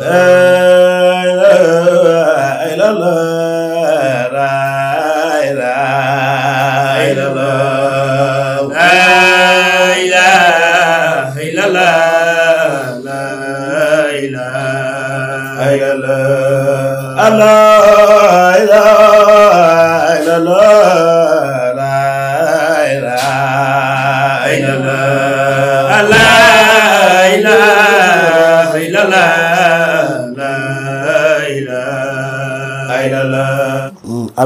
لا إله إلا الله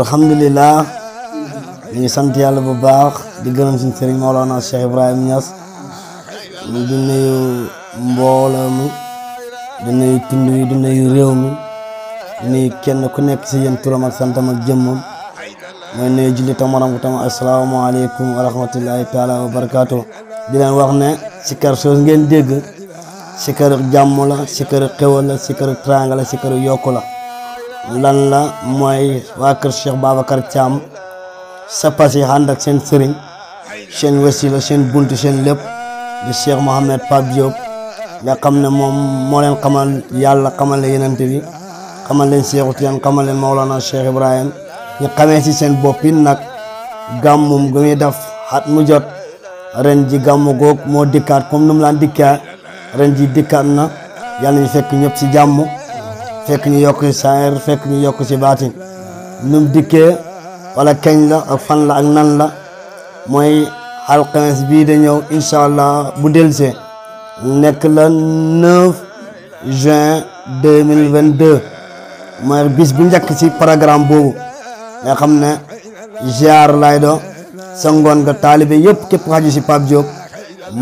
alhamdulilah ñu ngi sant yàlla bu baax di gërëm suñu sëriñ Mawlana Cheikh Ibrahima Niass mu di nuyu mbooloo mi di tund yi di nuyu réew mi di nuyu kenn ku nekk si yéen turam ak santam ak jëmmam mooy nuyu jullitam waram tam asalaamaaleykum wa rahmatullahi taala wa barakaatu di leen wax ne sikar soos ngeen dégg sikaru jàmm la sikaru xewal la sikaru teraanga la sikaru yokku la lan la mooy waa kër Cheikh Babacar Thiam sa pas yi ak seen sëriñ seen wasila seen bunt seen lépp di Cheikh Mohamed Pape Diop nga xam ne moom moo leen xamal yàlla xamal la yenante bi xamal leen Cheikh Tidiane xamal leen Maolana Cheikh Ibrahim ñu xamee ci seen boppin nag gàmmum gu muy def at mu jot ren ji gàmmu goog moo dikkaat comme nu mu laan dikkaat ren ji dikkaat na yàlla ñu fekk ñëpp ci jàmm fekk ñu yokk ci saayir fekk ñu yokk ci baatin num dikkee wala kañ la ak fan la ak nan la mooy alxames bii da ñëw incha allah bu delsee nekk la 9 juin 2022 mooy bis bu njëkk ci programme boobu nga xam ne ziar lay do sa ngoon nga taalibe yëpp képp xaju ci Pape Diop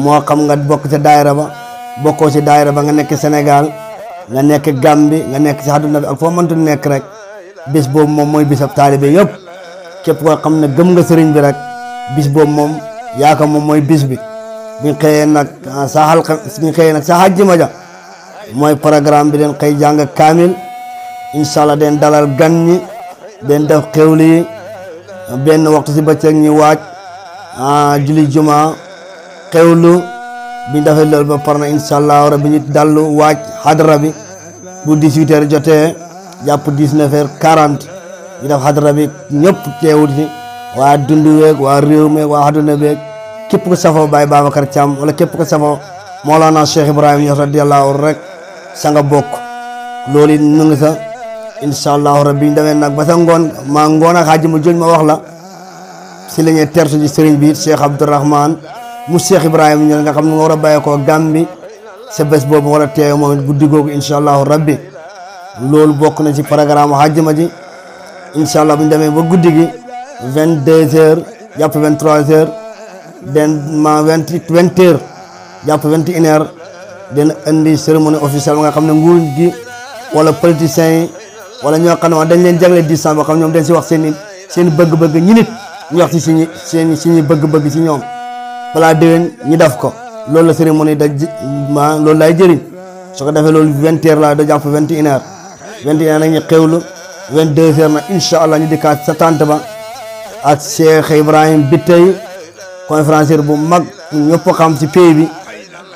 moo xam nga bokk ci daayira ba bokkoo ci daayira ba nga nekk Sénégal nga nekk Gàmbi nga nekk si àdduna bi ak foo mëntu nekk rek bis boobu moom mooy bisab taalibe yëpp képp koo xam ne gëm nga sëriñ bi rek bis boobu moom yaaka moom mooy bis bi buñ xëyee nag ah, sa xalqa xëyee nag sa hajji ma ja mooy programme bi den xëy jàng kaamil incha allah den dalal gan ñi den def xewli yi benn waxtu si bëccëg ñi waaj ah, julli juma xewlu biñ defee loolu ba par na incha allah rabbi ñu dallu waaj xadra bu 18 jotee jàpp 19 heures 40 ñu def xadra bi ñëpp teewul si waa dund weeg waa réew meeg waa àdduna beeg ko safoo Baye Babacar Thiam wala képp ko safoo Mawlana Cheikh Ibrahima Niass radiyallahu rek sa bokk loolu it ñu ngi sa incha allah rabbi ñu demee nag ba sa maa ngoon ak xaaji ma joñ ma wax la si la ñuy tertu ji sëriñ bi Cheikh Abdourahmane mu cheikh ibrahim ñu nga xam nga wara baye ko gambi ce bes bobu wara teew moom guddi gogu inshallah rabbi lool bokk na ci programme hajjama ji insha allah bu ba guddi gi 22 h japp 23 h den ma 20 20 h japp 21 h den andi cérémonie officielle nga xam ne nguur gi wala politiciens yi wala ñoo xam ne dañ leen jagle distance ba xam ñoom den si wax seen seen bëgg-bëgg ñi nit ñu wax ci seen seen seen bëgg-bëgg ci ñoom balaa déwén ñi def ko loolu la cérémonie da ma loolu lay jëriñ su ko defee loolu vingt heures laa da jàpp vingt et une heures vingt et une heures nag ñu xewlu vingt deux heures nag incha allah ñu dikkaat sa tànt ba ak Cheikh Ibrahim Bitey conférencier bu mag ñëpp xam si pays bi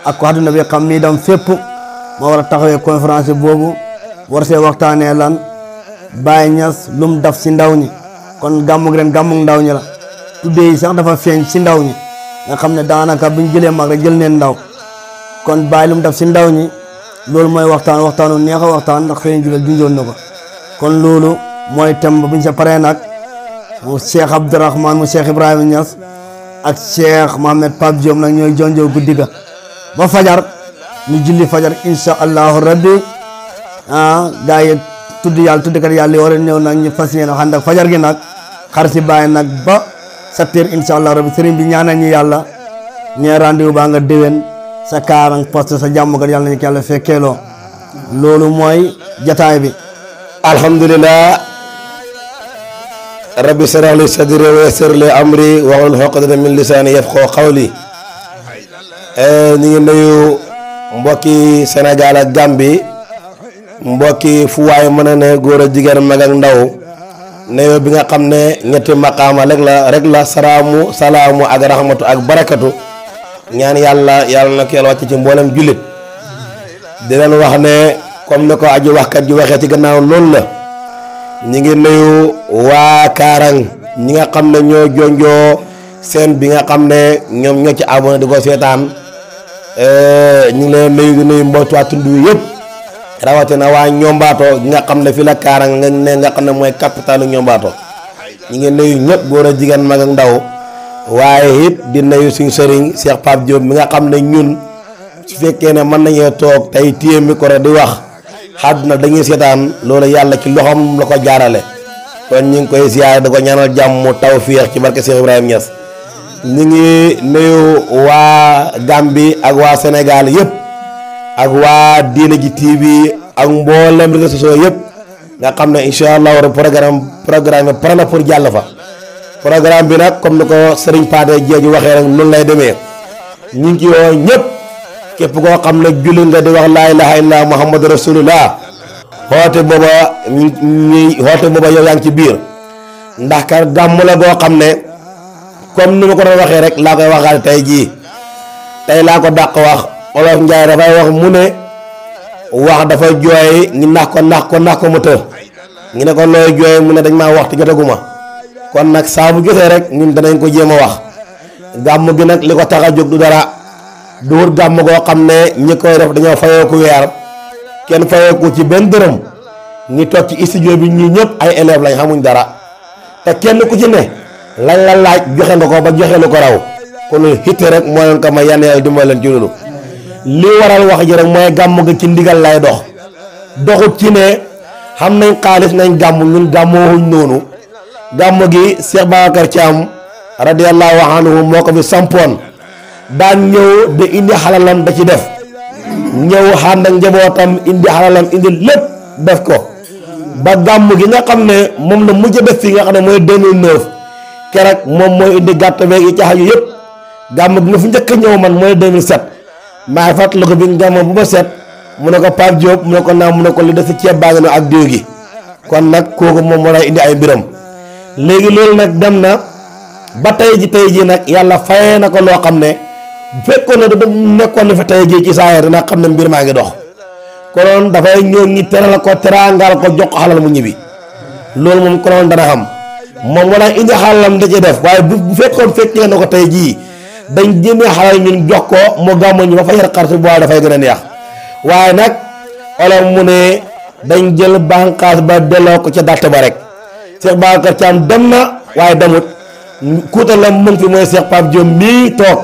ak ko àdduna bi xam mii dem fépp moo war a taxawee conférence boobu war see waxtaanee lan Baye Niass lum daf si ndaw ñi kon gàmmug ren gàmmug ndaw ñi la tuddee yi sax dafa feeñ ci ndaw ñi nga xam ne daanaka bu jëlee mag rek jël neen ndaw kon bàyyi lu mu def si ndaw ñi loolu mooy waxtaan waxtaanu neex a waxtaan ndax xëy na jubal junjoon na ko kon loolu mooy thème buñ sa pare nag mu Cheikh Abdourahman mu Cheikh Ibrahima Niass ak Cheikh Mohamed Pape Diop nag ñooy jonjoo guddi ga ba fajar ñu julli fajar incha allahu rabbi ah gaa yi tudd yàlla tuddkat yàlla yoo war ñëw nag ñu fas yéene ànd ak fajar gi nag xar si nag ba. sept heures incha allah rabbi sëriñ bi ñaanal ñu yàlla ñee rendez-vous baa nga déwén sa kaarang poste sa jàmm ga yàlla nañu ko yàlla fekkeeloo loolu mooy jataay bi alhamdulillah rabbi shrah li sadri wa yassir li amri wahlul uqdatan min lisaani yafqahu qawli ñu ngi nuyu mbokki Sénégal ak Gambie mbokki fu waay mën a ne góor a jigéen mag ndaw nuyoo bi nga xam ne ñetti maqaama rek la rek la saraamu salaamu ak rahmatu ak barakatu ñaan yàlla yàlla na ko wàcc ci mboolem jullit di leen wax ne comme ni ko aji waxkat ji waxee ci gannaaw loolu la ñi ngi nuyu waa Kaarang ñi nga xam ne ñoo jonjoo seen bi nga xam ne ñoom ñoo ci abonné di ko seetaan eh, ñu ngi leen nuyu di nuyu mbootu waa tund wi yëpp rawatina waa ñombaato gi nga xam ne fii la kaarang nga ne nga xam ne mooy capitalu ñombaato ñi ngi neyu ñëpp góor a jigéen mag ak ndaw waaye it di nuyu suñu sëriñ Cheikh Pape Diop mi nga xam ne ñun su fekkee ne mën nañoo toog tey téye micro di wax àdduna dañuy seetaan loolu yàlla ci loxoom la ko jaarale kon ñu ngi koy ziyaar da ko ñaanal jàmm tawféex ci barke Cheikh Ibrahima Niass ñu ngi nuyu waa Gambie ak waa Sénégal yëpp. ak waa diine ji TV ak mboolem réseaux sociaux yëpp nga xam ne incha allah war programme programme pare na pour jàll fa programme bi nag comme ni ko Serigne Pathé Dieng waxee rek noonu lay demee ñu ci woo ñëpp képp koo xam ne julli nga di wax laa ilaha illa muhammadu rasulullah xoote booba ñuy xoote booba yow yaa ci biir ndax ka gàmm la boo xam ne comme ni ma ko doon waxee rek laa koy waxaat tey jii tey laa ko dàq wax. olof njaay dafay wax mu ne wax dafa jooy ñu nax ko nax ko nax ko mu të ñu ne ko looy jooy mu ne dañ maa wax te jotaguma kon nag saa bu jotee rek ñun danañ ko jéem a wax gàmm gi nag li ko tax a jóg du dara du wut gàmm koo xam ne ñi koy def dañoo fayoo ku weer kenn fayoo ku ci benn dërëm ñi toog ci studio bi ñii ñëpp ay élèves lañ xamuñ dara te kenn ku ci ne lañ la laaj joxe nga ko ba joxe lu ko raw kon loolu rek moo leen ko may yan yàlla dimbal leen ci li waral wax ji rek mooy gàmm gi ci ndigal lay dox doxut ci ne xam nañ xaalis nañ gàmm ñun gàmmoowuñ noonu gàmm gi seex Cheikh ci am radiyallahu anhu moo ko fi sampoon daan ñëw de indi xalalam da ci def ñëw ànd ak njabootam indi xalalam indi lépp def ko ba gàmm gi nga xam ne moom la mujj def fii nga xam ne mooy 2009 keroog moom mooy indi gàtt i yi caxaju yëpp gàmm gi nga fu njëkk ñëw man mooy 2007 maa fàttaliku bi nga moom bu ma set mu ne ko Pape Diop mu ne ko naam mu ne ko li dafa ceeb baa ngi ak diw gi kon nag kooku moom war a indi ay mbiram léegi loolu nag dem na ba tey ji tey ji nag yàlla fayee na ko loo xam ne bu fekkoon ne dafa nekkoon na fi tey ji ci saa dina xam ne mbir maa ngi dox konoon dafay ñëw ñi teral ko teraangal ko jox ko xalal mu ñibbi loolu moom konoon dana xam moom war a indi xalalam da ci def waaye bu bu fekkoon fekk na ko tey jii. dañ jëmee xalal ñun jox ko mu gàmmu ñu ba fa yar xartu boobu dafay gën a neex waaye nag olof mu ne dañ jël bànqaas ba delloo ko ca dàtt ba rek Cheikh Babacar Thiam dem na waaye demut kuutal la mu fi mooy Cheikh Pape Diop mii toog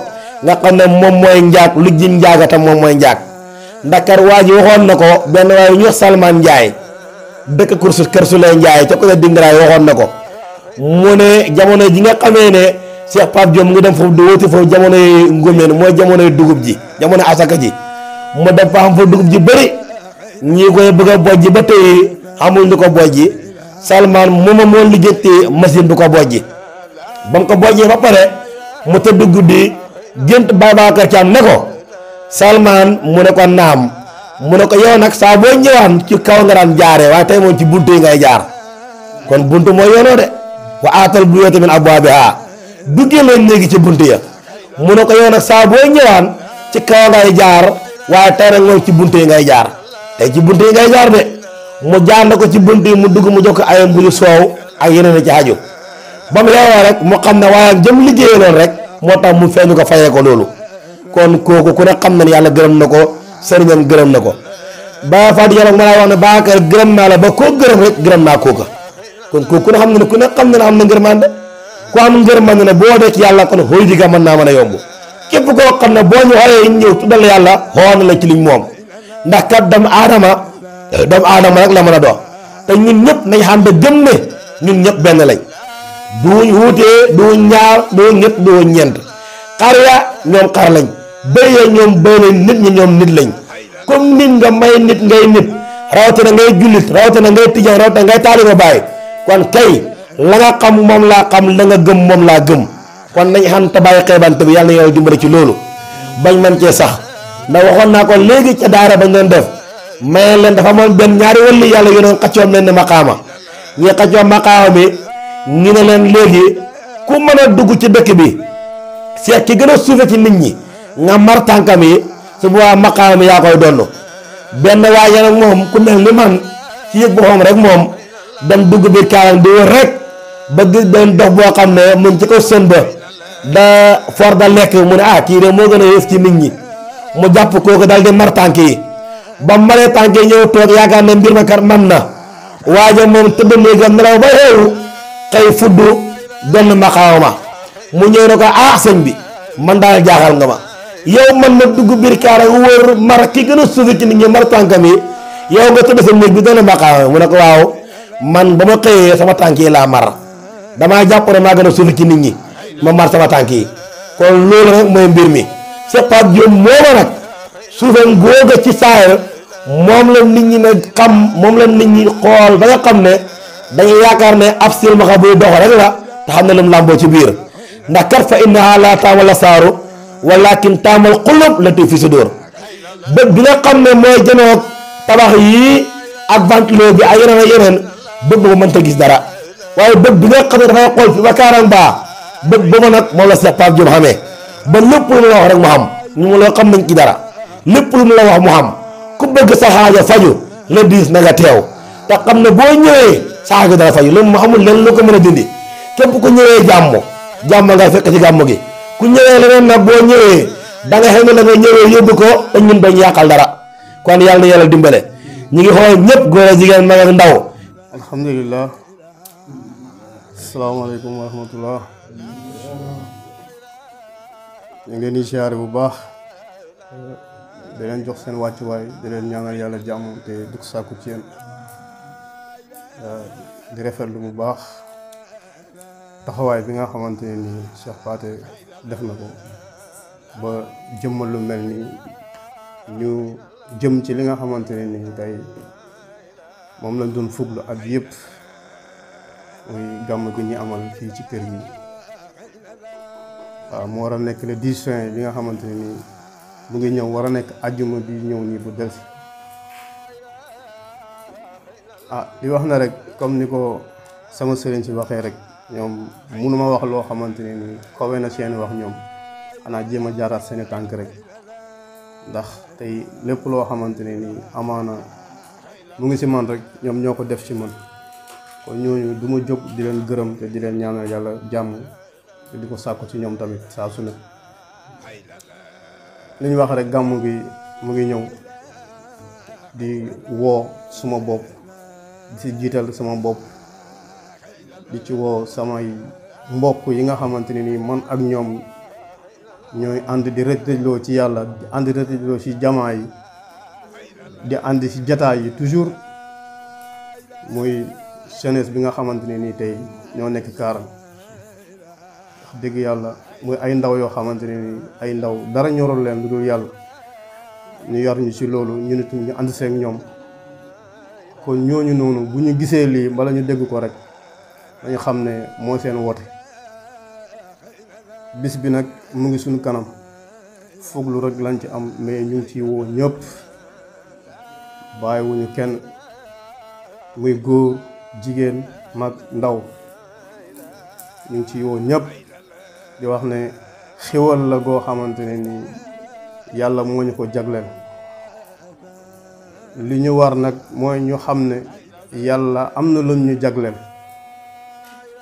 nga xam ne moom mooy njaag lu jim njaagatam moom mooy njaag ndakar waa ji waxoon na ko benn waaye ñu wax Salman Ndiaye dëkk kursu kër su lay Ndiaye ca ko sa dingaraay waxoon na ko mu ne jamono ji nga xamee ne Cheikh Pape Diop mu ngi dem foofu di wóoti foofu jamonoy ngóomeen mooy jamonoy dugub ji jamono asaka ji mu dem fa am fa dugub ji bëri ñii koy bëgg a bojji ba tey amul ñu ko bojji ji moom moo lijjanti machine bu ko bojji ba mu ko bojjee ba ne ko Salman mu ne ko naam mu ne ko yow nag saa boo ñëwaan ci kaw nga daan jaaree waaye tey moom ci buntu yi ngay jaar kon buntu mooy yoonoo de wa aatal buyuuta min abwaabihaa duggee leen néegi ci bunt ya mu ne ko yow nag saa boo ñëwaan ci kaw ngay jaar waaye tey nag moom ci bunt yi ngay jaar tey ci bunt yi ngay jaar de mu jaanda ko ci bunt yi mu dugg mu jokk ko ay ñu soow ak yeneen ci aju ba mu leeroo rek mu xam ne waaye jëm liggéeyaloon rek moo tax mu feeñu ko fayee ko loolu kon kooku ku ne xam na yàlla gërëm na ko sëriñam gërëm na ko ba Fatou Diallo ma laa wax ne Baakar gërëm naa la ba koo gërëm na ne ku ne xam na ku am ngërmande ne boo dee ci yàlla kon xooy di ga mën naa mën a yomb képp koo xam ne boo ñu xooyee ñëw tuddal yàlla xool la ci liñ moom ndax kat doomu aadama doomu aadama rek la mën a doon te ñun ñëpp nañ xam ne gëm ne ñun ñëpp benn lañ duñ wuutee duñ ñaar duñ ñett duñ ñeent xar ya ñoom xar lañ bëy ya ñoom bëy lañ nit ñi ñoom nit lañ comme nit nga may nit ngay nit rawatina ngay jullit rawatina ngay tijaan rawatina ngay taaliba bàyyi kon kay. la nga xam moom laa xam la nga gëm moom laa gëm kon nañ xam te bàyyi xeebante bi yàlla na yàlla dimbale ci loolu bañ man cee sax ndax waxoon naa ko léegi ca daara bañ doon def mais leen dafa moom benn ñaari wëlli yàlla yu doon xaccoo mel ni maqaama ñi xaccoo maqaama bi ñu ne leen léegi ku mën a dugg ci dëkk bi seet ki gën a suufe ci nit ñi nga mar tànkam yi su boobaa maqaama bi yaa koy donn benn waaye nag moom ku mel ni man ci yëg boppam rek moom dem dugg biir kaaram di wër ba gis benn dox bo xam mën mun ci ko sën da for da lek mu ne ah ki de mo gëna a ci nit ñi mu ko ko dal di mar tanki ba maré tanki yi ñëw toog ne mbir ma kar man na waaja tebe ne gam nelaw ba yeewu kay fuddu ben maxaaw ma mu ñëw ne ko ah sëñ bi man dal jaaxal nga ma yow man na dugg bir kaara wër mar ki gëna suuf ci nit ñi mar tankami yow nga tebe sa néeg bi benn maxaaw mu ne ko waaw man bama xeyé sama tanki la mar damaa jàpp ne maa gën a suufi ci nit ñi ma mar sama tànk yi kon loolu rek mooy mbir mi Cheikh Pape Diop a nag suufam googa ci saayal moom la nit ñi ne xam moom la nit ñi xool ba nga xam ne dañuy yaakaar ne ab silmaxa buy dox rek la te xam ne lu làmboo ci biir ndax kat fa innaha la taamal saaru walakin taamal xulub la ti fi su dóor bët bi nga xam ne mooy jënoog tabax yii ak ventilo bi ak yeneen ak yeneen bët ba mënta gis dara waaye bët bi nga xam ne dafay xool fi ba kaaraan baa bët ba ma nag moom la Seex Pape Diop xamee ba lépp lu mu la wax rek mu xam mu nañ ci dara lépp lu mu la wax mu xam ku bëgg sa xaaja faju le diis na nga te xam ne boo ñëwee sa xaaja dara faju loolu mu amul lenn lu ko mën a dindi képp ku ñëwee jàmm jàmm nga fekk ci gàmm gi ku ñëwee leneen nag boo ñëwee da nga xam ne da nga ñëwee yóbbu ko dañ ñun bañ yàqal dara kon yàlla na yàlla dimbale ñu ngi xool ñëpp góor a jigéen mag ak ndaw alhamdulillah assalamualaikum warahmatullah wa rahmatullah ñu ngi leen di siyaare bu baax di leen jox seen wàccuwaay di leen ñaanal yàlla jàmm te dugg sàkku ci yéen di rafetlu bu baax taxawaay bi nga xamante ne ni Cheikh Pathé def na ko ba jëmmal lu mel ni ñu jëm ci li nga xamante ne nii tey moom lañ doon fuglu ak yëpp muy gàmm gi ñuy amal fii ci kër gi waaw mu war a nekk le 10 soin bi nga xamante ne nii mu ngi ñëw war a nekk ajjuma bi ñëw nii bu delsi ah li wax na rek comme ni ko sama sëriñ si waxee rek ñoom mënuma wax loo xamante ne nii kowe na seeni wax ñoom xanaa jéem a jaaraat seeni tànk rek ndax tey lépp loo xamante ne nii amaana mu ngi si man rek ñoom ñoo ko def ci man kon ñooñu du ma jóg di leen gërëm te di leen ñaanal yàlla jàmm te di ko sàkku ci ñoom tamit saa su ne li ñu wax rek gàmm gi mu ngi ñëw di woo suma bopp di si jiital sama bopp di ci woo sama mbokk yi nga xamante ni man ak ñoom ñooy ànd di rëtëjloo ci yàlla di ànd di rëtëjloo ci jamaa yi di ànd ci jataay yi toujours muy jeunesse bi nga xamante ne nii tey ñoo nekk kaaram dégg yàlla mooy ay ndaw yoo xamante ne nii ay ndaw dara ñorul leen lu dul yàlla ñu yar ñu ci loolu ñu nit ñu ànd ñoom kon ñooñu noonu bu ñu gisee lii bala ñu dégg ko rek dañu xam ne moo seen woote bis bi nag mu ngi suñu kanam foog lu rek lañ ci am mais ñu ngi ciy woo ñëpp bàyyiwuñu kenn muy góor jigéen mag ndaw ñu ngi ci woo ñëpp di wax ne xéwal la goo xamante ne yàlla moo ñu ko jagleel li ñu war nag mooy ñu xam ne yàlla am na lu ñu jagleel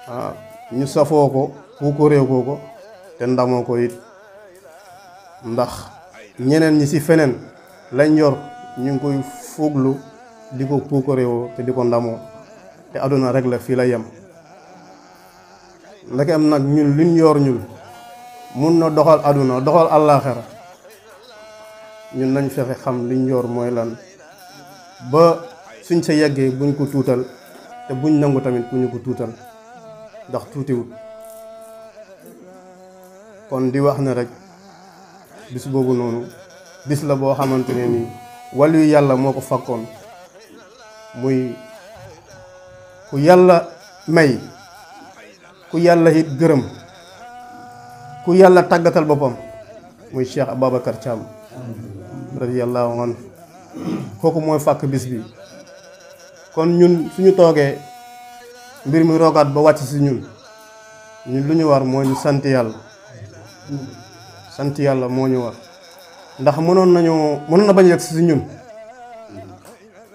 ah, ñu safoo ko puukaree ko ko te ndamoo ko it ndax ñeneen ñi ci feneen lañ yor ñu ngi koy fuglu di ko puukaree woo te di ko ndamoo te àdduna rek la fii la yem ndeke nag ñun luñ yor ñun mun na doxal àdduna doxal àllaaxira ñun nañ fexe xam liñ yor mooy lan ba suñ sa yeggee buñ ko tuutal te buñ nangu tamit bu ñu ko tuutal ndax tuutiwut kon di wax ne rek bis boobu noonu bis la boo xamante ne nii wàllu yàlla moo ko fakkoon muy ku yàlla may ku yàlla it gërëm ku yàlla tàggatal boppam muy Cheikh Ababacar Thiam radiyallahu anhu kooku mooy fàkk bis bi kon ñun suñu toogee mbir mi roogaat ba wàcc si ñun ñun lu ñu war moo ñu sant yàlla sant yàlla moo ñu war ndax mënoon nañu mënoon na bañ a si ñun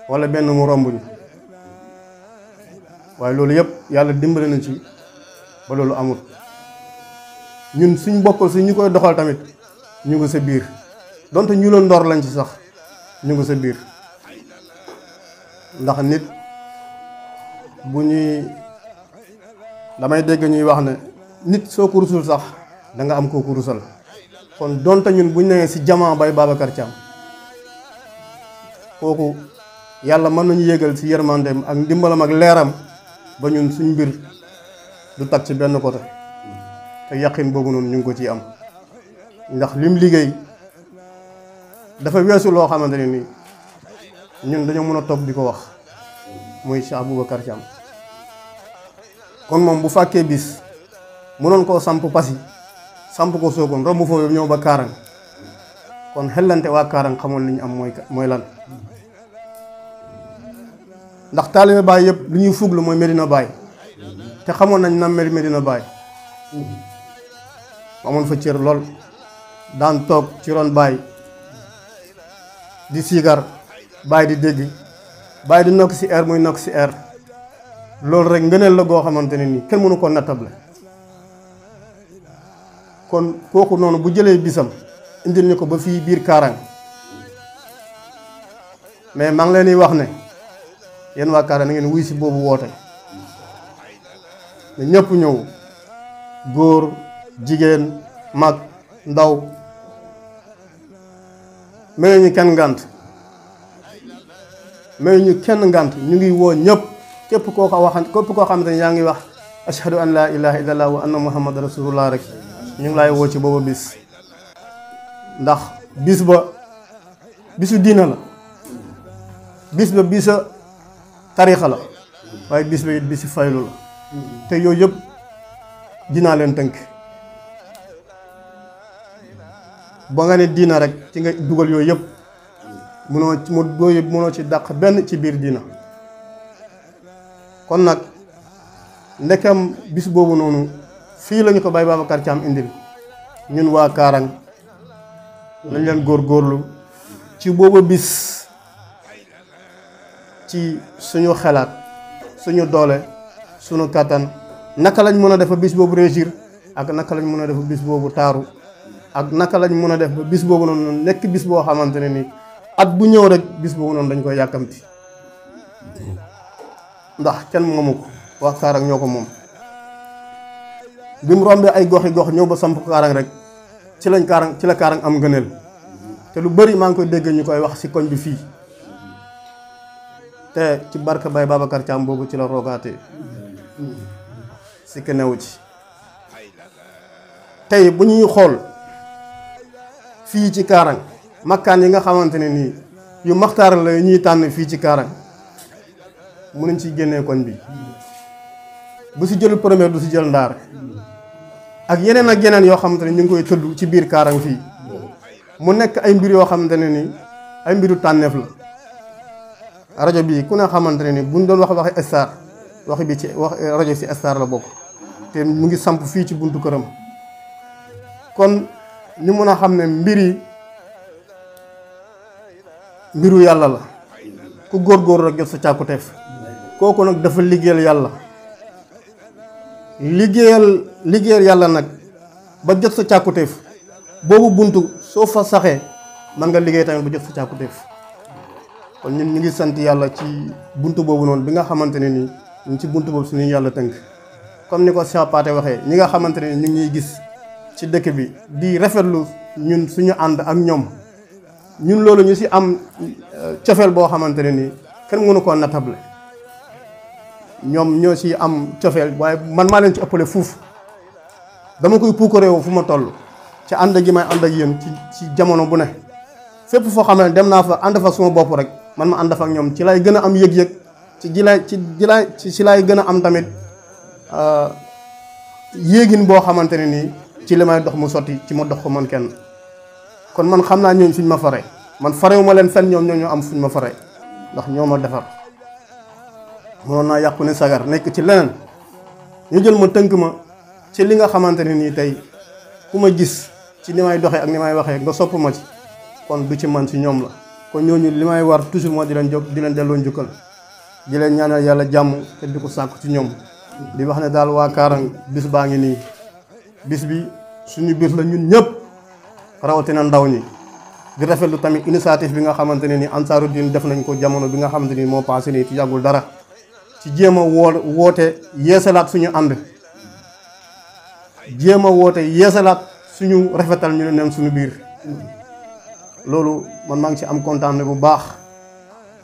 wala benn mu romb waaye loolu yëpp yàlla dimbale na ci ba loolu amul ñun suñ bokkal si ñu koy doxal tamit ñu ngi sa biir donte ñu la ndoor lañ ci sax ñu ngi sa biir ndax nit bu ñuy damay dégg ñuy wax ne nit soo ko rusul sax danga am koo ko rusal kon donte ñun buñ newee si jamaa bay Babacar caam kooku yàlla mën nañu yégal si yërmandeem ak ndimbalam ak leeram ba ñun suñ mbir du tag ci benn côté te yaqin boobu noonu ñu ngi ko ciy am ndax lim liggéey dafa weesu loo xamante ne nii ñun dañoo mën a toog di ko wax muy Cheikh Aboubacar am kon moom bu fàkkee bis mënoon koo samp Passy samp ko Sokone mu foofu ñëw ba Kaarang kon xellante waa Kaarang xamoon li ñu am mooy mooy lan ndax taalibe Baay yëpp lu ñuy fuglu mooy Medina Baay te xamoon nañ nam mel Medina Baay amoon fa cër lool daan toog ci ron Baay di siigar Baay di dégg Baay di nokk ci air muy nokk si air loolu rek ngëneel la goo xamante ne nii kenn mënu ko nattable kon kooku noonu bu jëlee bisam indil ñu ko ba fii biir Kaarang mais maa leen wax ne. yéen waa Kaaràn na ngeen wuy si boobu woote ne ñëpp ñëw góor jigéen mag ndaw may ñu kenn ngànt may ñu kenn ngànt ñu ngi woo ñëpp képp koo ko waxan képp koo xamante ne yaa ngi wax ashhadu an laa ilaha illallah wa anna muhammad rasulullah rek ñu ngi laay woo ci booba bis ndax bis ba bisu diina la bis ba bisa tariixa la waaye bis ba it bi si faylu la te yooyu yépp dinaa leen tënk ba nga ne diina rek ci nga dugal yooyu yépp munoo mu yooyu munoo ci daq benn ci biir diina kon nag ndekam bis boobu noonu fii lañu ko Baye Babacar Thiam indil ñun waa Kaarang lañ leen góorgóorlu ci boobu bis ci suñu xalaat suñu doole suñu katan, naka lañ mëna def bis bobu réussir ak naka lañ mëna def bis bobu taru ak naka lañ mëna def bis bobu non nek bis bo xamantene ni at bu ñëw rek bis bobu non dañ koy yakamti ndax kenn moomu wax kaarang ak ñoko mom bimu rombe ay goxi gox ba samp karang rek ci lañ karang ci la karang am gëneel té lu bari ma ngi koy dégg ñukoy wax si koñ bi fi te ci barke bay Babacar Thiam boobu ci la roogaatee sikk newu ci tey bu ñuy xool fii ci Kaarang makkaan yi nga xamante ne nii yu maxtaar la ñuy tànn fii ci Kaarang mënuñ ci génnee koñ bi bu si jël premier du si jël ndaar ak yeneen ak yeneen yoo xamante ne ñu ngi koy tëdd ci biir Kaarang fii mu nekk ay mbir yoo xamante ne nii ay mbiru tànneef la rajo bi ku ne xamantene ni buñ doon wax waxi estar waxi bi ci wax eh, rajo si estar la bok te mu ngi samp fi ci buntu kërëm kon ñu mëna a mbiri mbiru yalla la ku gor rek jot sa tef koku nak dafa liggéeyal yalla, liggéeyal liggéeyal yalla nak ba jot sa tef bobu buntu so fa saxé man nga liggéey tamit ba sa tef kon ñun ñu ngi sant yàlla ci bunt boobu noonu bi nga xamante ne ni ñun ci buntu boobu suñu yàlla tënk comme ni ko Chapaté waxee ñi nga xamante ne ni ñu ngi gis ci dëkk bi di rafetlu ñun suñu ànd ak ñoom ñun loolu ñu si am euh, cofeel boo xamante ne ni kenn mënu koo natable ñoom ñoo si am cofeel waaye man maa leen ci ëppale fuuf dama koy puukareewoo fu ma toll ci ànd gi may ànd ak yéen ci ci jamono bu ne fépp foo xam ne dem naa fa ànd fa suma bopp rek. man ma andaf ak ñom ci lay gëna am yëg-yëg ci ji ci ji ci ci lay gëna am tamit euh yegin bo xamanteni ni ci limay dox mu soti ci mo dox ko man kenn kon man xamna naa ñooñ ma fare man wu ma len sen ñoom ñoo am fuñ ma fare ndax ñoo ma defar mënoon na yàqu ne sagar nek ci leneen ñu jël ma teunk ma ci li nga xamanteni ni tay kuma ma gis ci limay doxé ak limay waxé nga sopp ma ci kon du ci man ci ñoom la kon ñooñu li may war toujours moo di leen jóg di leen delloo njukkal di leen ñaanal yàlla jàmm te di ko sàkku ci ñoom di wax ne daal waa Kaarang bis baa ngi nii bis bi suñu biir la ñun ñëpp rawatina ndaw ñi di rafetlu tamit initiative bi nga xamante ne ni ansaaru diin def nañ ko jamono bi nga xamante ni moo passé nii ci yàggul dara ci jéem a woo woote yeesalaat suñu ànd jéem a woote yeesalaat suñu rafetal ñu ne neen suñu biir loolu man maa ngi ci am kontaan bu baax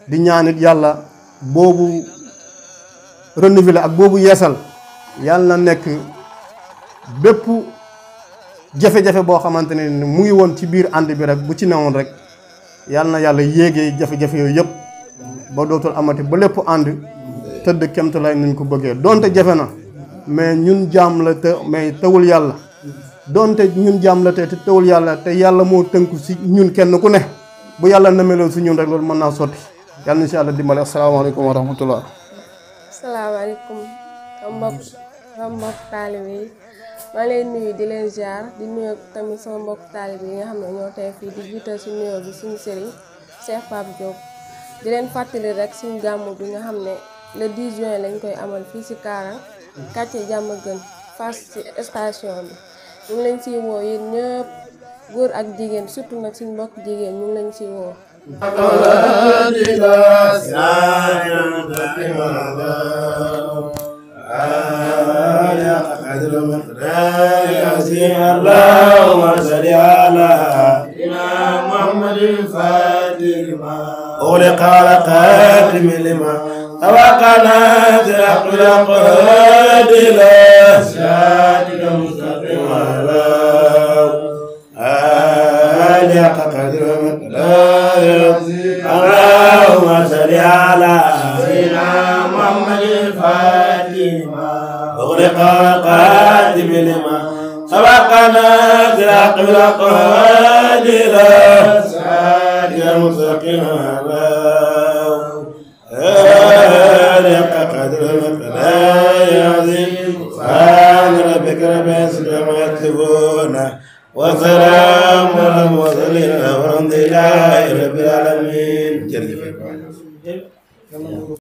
di ñaanit yàlla boobu rënd renouveler ak boobu yeesal yàlla na nekk bépp jafe-jafe boo xamante ne mu ngi woon ci biir ànd bi rek bu ci newoon rek yàlla na yàlla yéegee jafe-jafe yooyu yëpp ba dootul amati ba lépp ànd tëdd kemtu lay nañ ko bëggee donte jafe na mais ñun jaam la te mais tawul yàlla donte ñun jaam la te te teewul yàlla te yàlla moo tënk si ñun kenn ku ne bu yàlla na nameloo si ñun rek loolu mën naa sotti yàlla na si yàlla dimbale asalaamaaleykum wa rahmatullah. asalaamaaleykum mbokk mbokk taalibe yi maa ngi di leen ziar di nuyu tamit sama mbokk taalibe yi nga xam ne ñoo tey fii di jiital si nuyoo bi suñu sëriñ Cheikh Pape di leen fàttali rek suñu gàmmu bi nga xam ne le 10 juin lañ koy amal fii si Kaarang quartier Diamaguène face si station bi. ñu ngi leen siy woo yéen ñëpp ak jigéen surtout nag suñ mbokk